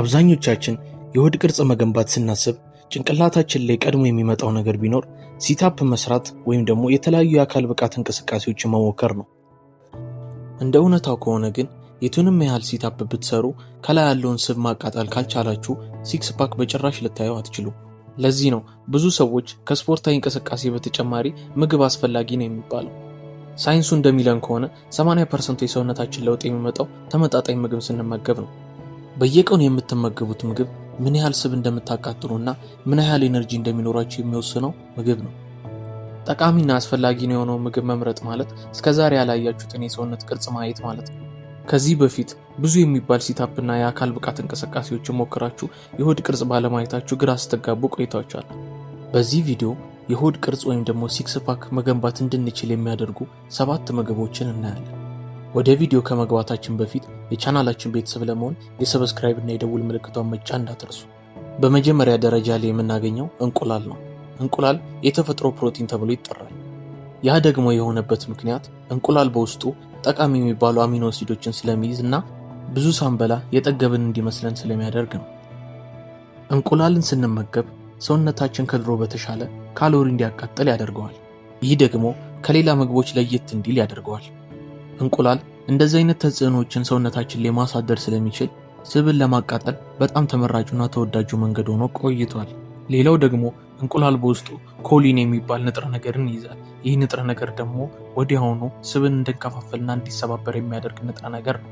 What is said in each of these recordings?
አብዛኞቻችን የሆድ ቅርጽ መገንባት ስናስብ ጭንቅላታችን ላይ ቀድሞ የሚመጣው ነገር ቢኖር ሲታፕ መስራት ወይም ደግሞ የተለያዩ የአካል ብቃት እንቅስቃሴዎችን መሞከር ነው። እንደ እውነታው ከሆነ ግን የቱንም ያህል ሲታፕ ብትሰሩ ከላይ ያለውን ስብ ማቃጠል ካልቻላችሁ ሲክስ ፓክ በጭራሽ ልታየው አትችሉም። ለዚህ ነው ብዙ ሰዎች ከስፖርታዊ እንቅስቃሴ በተጨማሪ ምግብ አስፈላጊ ነው የሚባለው። ሳይንሱ እንደሚለን ከሆነ 80 ፐርሰንቱ የሰውነታችን ለውጥ የሚመጣው ተመጣጣኝ ምግብ ስንመገብ ነው። በየቀኑ የምትመገቡት ምግብ ምን ያህል ስብ እንደምታቃጥሉና ምን ያህል ኤነርጂ እንደሚኖራቸው የሚወስነው ምግብ ነው። ጠቃሚና አስፈላጊ ነው የሆነው ምግብ መምረጥ ማለት እስከዛሬ ያላያችሁትን የሰውነት ቅርጽ ማየት ማለት ነው። ከዚህ በፊት ብዙ የሚባል ሲታፕና የአካል ብቃት እንቅስቃሴዎችን ሞክራችሁ የሆድ ቅርጽ ባለማየታችሁ ግራ ስትጋቡ ቆይታችኋል። በዚህ ቪዲዮ የሆድ ቅርጽ ወይም ደግሞ ሲክስ ፓክ መገንባት እንድንችል የሚያደርጉ ሰባት ምግቦችን እናያለን። ወደ ቪዲዮ ከመግባታችን በፊት የቻናላችን ቤተሰብ ለመሆን የሰብስክራይብ እና የደውል ምልክቷን መጫ እንዳትርሱ። በመጀመሪያ ደረጃ ላይ የምናገኘው እንቁላል ነው። እንቁላል የተፈጥሮ ፕሮቲን ተብሎ ይጠራል። ያ ደግሞ የሆነበት ምክንያት እንቁላል በውስጡ ጠቃሚ የሚባሉ አሚኖ አሲዶችን ስለሚይዝ እና ብዙ ሳንበላ የጠገብን እንዲመስለን ስለሚያደርግ ነው። እንቁላልን ስንመገብ ሰውነታችን ከድሮ በተሻለ ካሎሪ እንዲያቃጥል ያደርገዋል። ይህ ደግሞ ከሌላ ምግቦች ለየት እንዲል ያደርገዋል። እንቁላል እንደዚህ አይነት ተጽዕኖዎችን ሰውነታችን ላይ ማሳደር ስለሚችል ስብን ለማቃጠል በጣም ተመራጩና ተወዳጁ መንገድ ሆኖ ቆይቷል። ሌላው ደግሞ እንቁላል በውስጡ ኮሊን የሚባል ንጥረ ነገርን ይይዛል። ይህ ንጥረ ነገር ደግሞ ወዲያውኑ ስብን እንድንከፋፈልና እንዲሰባበር የሚያደርግ ንጥረ ነገር ነው።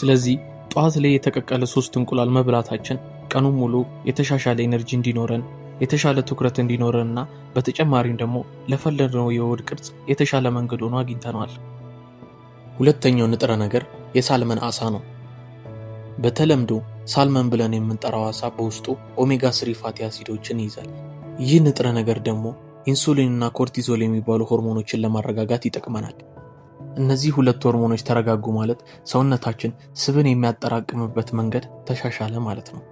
ስለዚህ ጠዋት ላይ የተቀቀለ ሶስት እንቁላል መብላታችን ቀኑን ሙሉ የተሻሻለ ኤነርጂ እንዲኖረን የተሻለ ትኩረት እንዲኖረንና በተጨማሪም ደግሞ ለፈለግነው የሆድ ቅርጽ የተሻለ መንገድ ሆኖ አግኝተነዋል። ሁለተኛው ንጥረ ነገር የሳልመን ዓሳ ነው። በተለምዶ ሳልመን ብለን የምንጠራው ዓሳ በውስጡ ኦሜጋ ስሪ ፋቲ አሲዶችን ይይዛል። ይህ ንጥረ ነገር ደግሞ እና ኮርቲዞል የሚባሉ ሆርሞኖችን ለማረጋጋት ይጠቅመናል። እነዚህ ሁለት ሆርሞኖች ተረጋጉ ማለት ሰውነታችን ስብን የሚያጠራቅምበት መንገድ ተሻሻለ ማለት ነው።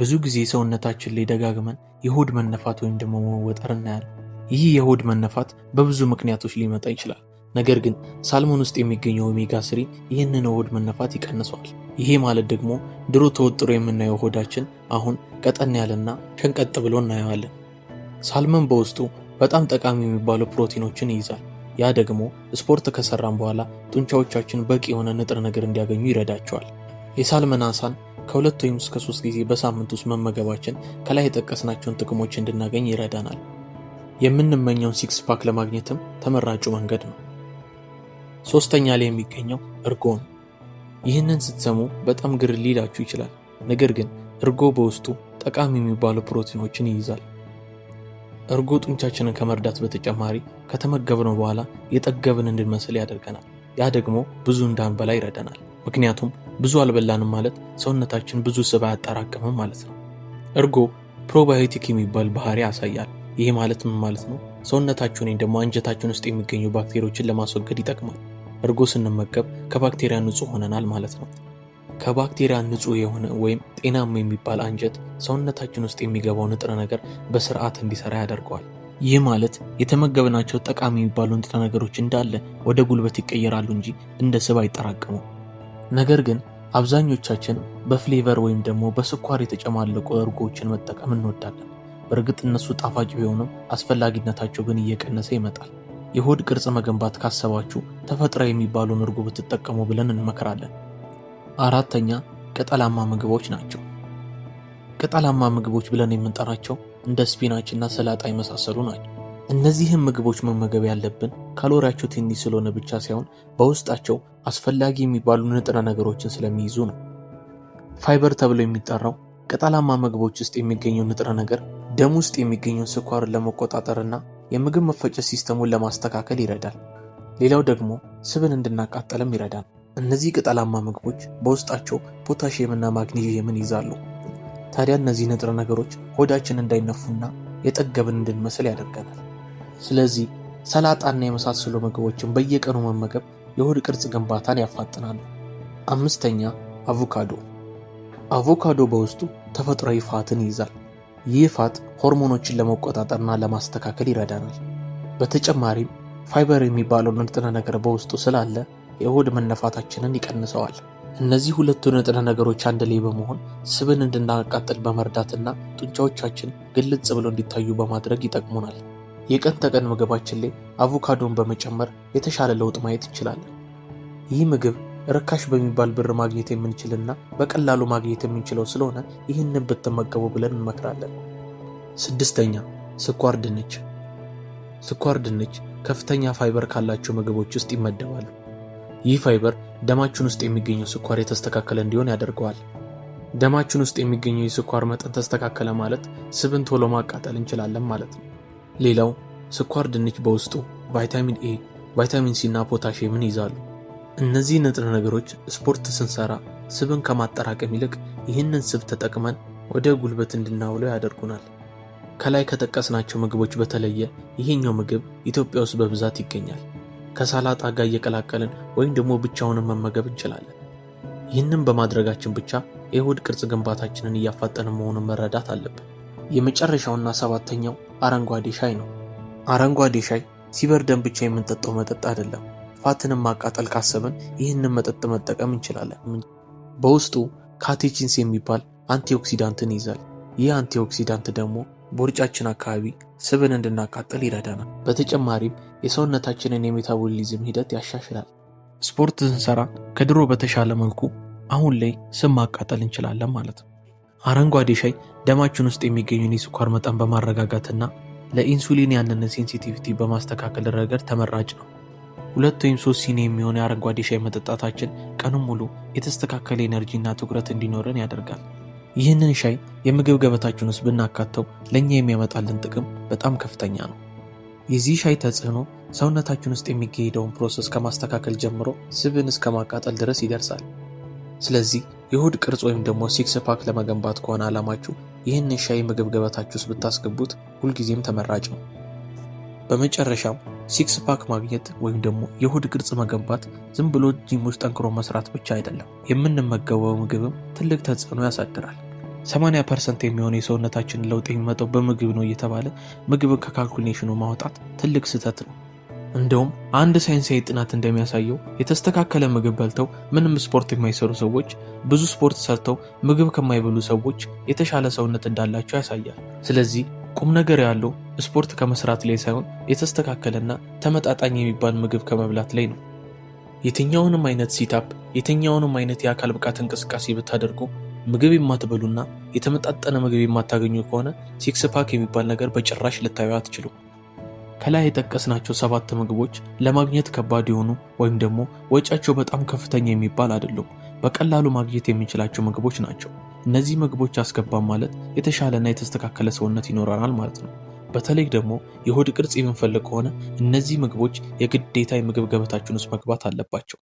ብዙ ጊዜ ሰውነታችን ላይ ደጋግመን የሆድ መነፋት ወይም ደግሞ መወጠር እናያለን። ይህ የሆድ መነፋት በብዙ ምክንያቶች ሊመጣ ይችላል። ነገር ግን ሳልሞን ውስጥ የሚገኘው ኦሜጋ ስሪ ይህንን ሆድ መነፋት ይቀንሰዋል። ይሄ ማለት ደግሞ ድሮ ተወጥሮ የምናየው ሆዳችን አሁን ቀጠን ያለና ሸንቀጥ ብሎ እናየዋለን። ሳልመን በውስጡ በጣም ጠቃሚ የሚባሉ ፕሮቲኖችን ይይዛል። ያ ደግሞ ስፖርት ከሰራን በኋላ ጡንቻዎቻችን በቂ የሆነ ንጥረ ነገር እንዲያገኙ ይረዳቸዋል። የሳልመን አሳን ከሁለት ወይም እስከ ሶስት ጊዜ በሳምንት ውስጥ መመገባችን ከላይ የጠቀስናቸውን ጥቅሞች እንድናገኝ ይረዳናል። የምንመኘውን ሲክስ ፓክ ለማግኘትም ተመራጩ መንገድ ነው። ሶስተኛ ላይ የሚገኘው እርጎ ነው። ይህንን ስትሰሙ በጣም ግር ሊላችሁ ይችላል። ነገር ግን እርጎ በውስጡ ጠቃሚ የሚባሉ ፕሮቲኖችን ይይዛል። እርጎ ጡንቻችንን ከመርዳት በተጨማሪ ከተመገብነው በኋላ የጠገብን እንድንመስል ያደርገናል። ያ ደግሞ ብዙ እንዳንበላ ይረዳናል። ምክንያቱም ብዙ አልበላንም ማለት ሰውነታችን ብዙ ስብ አያጠራቅምም ማለት ነው። እርጎ ፕሮባዮቲክ የሚባል ባህሪ ያሳያል። ይህ ማለት ምን ማለት ነው? ሰውነታችሁን ወይም ደግሞ አንጀታችሁን ውስጥ የሚገኙ ባክቴሪዎችን ለማስወገድ ይጠቅማል። እርጎ ስንመገብ ከባክቴሪያ ንጹህ ሆነናል ማለት ነው። ከባክቴሪያ ንጹህ የሆነ ወይም ጤናማ የሚባል አንጀት ሰውነታችን ውስጥ የሚገባው ንጥረ ነገር በስርዓት እንዲሰራ ያደርገዋል። ይህ ማለት የተመገብናቸው ጠቃሚ የሚባሉ ንጥረ ነገሮች እንዳለ ወደ ጉልበት ይቀየራሉ እንጂ እንደ ስብ አይጠራቀሙም። ነገር ግን አብዛኞቻችን በፍሌቨር ወይም ደግሞ በስኳር የተጨማለቁ እርጎዎችን መጠቀም እንወዳለን። በእርግጥ እነሱ ጣፋጭ ቢሆኑም አስፈላጊነታቸው ግን እየቀነሰ ይመጣል። የሆድ ቅርጽ መገንባት ካሰባችሁ ተፈጥሮ የሚባሉ እርጎ ብትጠቀሙ ብለን እንመክራለን። አራተኛ ቅጠላማ ምግቦች ናቸው። ቅጠላማ ምግቦች ብለን የምንጠራቸው እንደ ስፒናች እና ሰላጣ የመሳሰሉ ናቸው። እነዚህም ምግቦች መመገብ ያለብን ካሎሪያቸው ትንሽ ስለሆነ ብቻ ሳይሆን በውስጣቸው አስፈላጊ የሚባሉ ንጥረ ነገሮችን ስለሚይዙ ነው። ፋይበር ተብሎ የሚጠራው ቅጠላማ ምግቦች ውስጥ የሚገኘው ንጥረ ነገር ደም ውስጥ የሚገኘውን ስኳርን ለመቆጣጠርና የምግብ መፈጨት ሲስተሙን ለማስተካከል ይረዳል። ሌላው ደግሞ ስብን እንድናቃጠልም ይረዳል። እነዚህ ቅጠላማ ምግቦች በውስጣቸው ፖታሽየምና ማግኒዥየምን ይዛሉ። ታዲያ እነዚህ ንጥረ ነገሮች ሆዳችን እንዳይነፉና የጠገብን እንድንመስል ያደርገናል። ስለዚህ ሰላጣና የመሳሰሉ ምግቦችን በየቀኑ መመገብ የሆድ ቅርጽ ግንባታን ያፋጥናሉ። አምስተኛ አቮካዶ። አቮካዶ በውስጡ ተፈጥሯዊ ፋትን ይይዛል። ይህ ፋት ሆርሞኖችን ለመቆጣጠርና ለማስተካከል ይረዳናል። በተጨማሪም ፋይበር የሚባለውን ንጥረ ነገር በውስጡ ስላለ የሆድ መነፋታችንን ይቀንሰዋል። እነዚህ ሁለቱ ንጥረ ነገሮች አንድ ላይ በመሆን ስብን እንድናቃጥል በመርዳትና ጡንቻዎቻችን ግልጽ ብለው እንዲታዩ በማድረግ ይጠቅሙናል። የቀን ተቀን ምግባችን ላይ አቮካዶን በመጨመር የተሻለ ለውጥ ማየት እንችላለን። ይህ ምግብ ርካሽ በሚባል ብር ማግኘት የምንችልና በቀላሉ ማግኘት የምንችለው ስለሆነ ይህንን ብትመገቡ ብለን እንመክራለን። ስድስተኛ ስኳር ድንች። ስኳር ድንች ከፍተኛ ፋይበር ካላቸው ምግቦች ውስጥ ይመደባል። ይህ ፋይበር ደማችን ውስጥ የሚገኘው ስኳር የተስተካከለ እንዲሆን ያደርገዋል። ደማችን ውስጥ የሚገኘው የስኳር መጠን ተስተካከለ ማለት ስብን ቶሎ ማቃጠል እንችላለን ማለት ነው። ሌላው ስኳር ድንች በውስጡ ቫይታሚን ኤ፣ ቫይታሚን ሲ እና ፖታሽየምን ይዛሉ። እነዚህ ንጥረ ነገሮች ስፖርት ስንሰራ ስብን ከማጠራቀም ይልቅ ይህንን ስብ ተጠቅመን ወደ ጉልበት እንድናውለው ያደርጉናል። ከላይ ከጠቀስናቸው ምግቦች በተለየ ይሄኛው ምግብ ኢትዮጵያ ውስጥ በብዛት ይገኛል። ከሰላጣ ጋር እየቀላቀልን ወይም ደግሞ ብቻውንም መመገብ እንችላለን። ይህንን በማድረጋችን ብቻ የሆድ ቅርጽ ግንባታችንን እያፋጠን መሆኑን መረዳት አለብን። የመጨረሻውና ሰባተኛው አረንጓዴ ሻይ ነው። አረንጓዴ ሻይ ሲበርደን ብቻ የምንጠጣው መጠጥ አይደለም። ፋትንም ማቃጠል ካሰብን ይህንን መጠጥ መጠቀም እንችላለን። በውስጡ ካቴቺንስ የሚባል አንቲኦክሲዳንትን ይይዛል። ይህ አንቲኦክሲዳንት ደግሞ በውርጫችን አካባቢ ስብን እንድናቃጥል ይረዳናል። በተጨማሪም የሰውነታችንን የሜታቦሊዝም ሂደት ያሻሽላል። ስፖርት ስንሰራ ከድሮ በተሻለ መልኩ አሁን ላይ ስብ ማቃጠል እንችላለን ማለት ነው። አረንጓዴ ሻይ ደማችን ውስጥ የሚገኙን የስኳር መጠን በማረጋጋትና ለኢንሱሊን ያንን ሴንሲቲቪቲ በማስተካከል ረገድ ተመራጭ ነው። ሁለት ወይም ሶስት ሲኒ የሚሆን የአረንጓዴ ሻይ መጠጣታችን ቀኑን ሙሉ የተስተካከለ ኤነርጂና ትኩረት እንዲኖረን ያደርጋል። ይህንን ሻይ የምግብ ገበታችን ውስጥ ብናካተው ለእኛ የሚያመጣልን ጥቅም በጣም ከፍተኛ ነው። የዚህ ሻይ ተጽዕኖ ሰውነታችን ውስጥ የሚካሄደውን ፕሮሰስ ከማስተካከል ጀምሮ ስብን እስከ ማቃጠል ድረስ ይደርሳል። ስለዚህ የሆድ ቅርጽ ወይም ደግሞ ሲክስ ፓክ ለመገንባት ከሆነ አላማችሁ ይህንን ሻይ ምግብ ገበታችሁ ውስጥ ብታስገቡት ሁልጊዜም ተመራጭ ነው። በመጨረሻም ሲክስ ፓክ ማግኘት ወይም ደግሞ የሆድ ቅርጽ መገንባት ዝም ብሎ ጂም ውስጥ ጠንክሮ መስራት ብቻ አይደለም። የምንመገበው ምግብም ትልቅ ተጽዕኖ ያሳድራል። 80 ፐርሰንት የሚሆነ የሰውነታችንን ለውጥ የሚመጣው በምግብ ነው እየተባለ ምግብን ከካልኩሌሽኑ ማውጣት ትልቅ ስህተት ነው። እንደውም አንድ ሳይንሳዊ ጥናት እንደሚያሳየው የተስተካከለ ምግብ በልተው ምንም ስፖርት የማይሰሩ ሰዎች ብዙ ስፖርት ሰርተው ምግብ ከማይበሉ ሰዎች የተሻለ ሰውነት እንዳላቸው ያሳያል። ስለዚህ ቁም ነገር ያለው ስፖርት ከመስራት ላይ ሳይሆን የተስተካከለና ተመጣጣኝ የሚባል ምግብ ከመብላት ላይ ነው። የትኛውንም አይነት ሲታፕ፣ የትኛውንም አይነት የአካል ብቃት እንቅስቃሴ ብታደርጉ ምግብ የማትበሉና የተመጣጠነ ምግብ የማታገኙ ከሆነ ሲክስ ፓክ የሚባል ነገር በጭራሽ ልታዩ አትችሉም። ከላይ የጠቀስናቸው ሰባት ምግቦች ለማግኘት ከባድ የሆኑ ወይም ደግሞ ወጪያቸው በጣም ከፍተኛ የሚባል አይደሉም። በቀላሉ ማግኘት የምንችላቸው ምግቦች ናቸው። እነዚህ ምግቦች አስገባም ማለት የተሻለና የተስተካከለ ሰውነት ይኖረናል ማለት ነው። በተለይ ደግሞ የሆድ ቅርጽ የምንፈልግ ከሆነ እነዚህ ምግቦች የግዴታ የምግብ ገበታችን ውስጥ መግባት አለባቸው።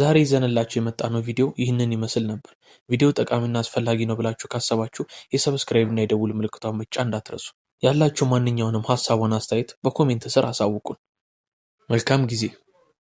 ዛሬ ይዘንላችሁ የመጣ ነው ቪዲዮ ይህንን ይመስል ነበር። ቪዲዮ ጠቃሚና አስፈላጊ ነው ብላችሁ ካሰባችሁ የሰብስክራይብና የደውል ምልክቷን መጫ እንዳትረሱ። ያላችሁ ማንኛውንም ሀሳቡን አስተያየት በኮሜንት ስር አሳውቁን። መልካም ጊዜ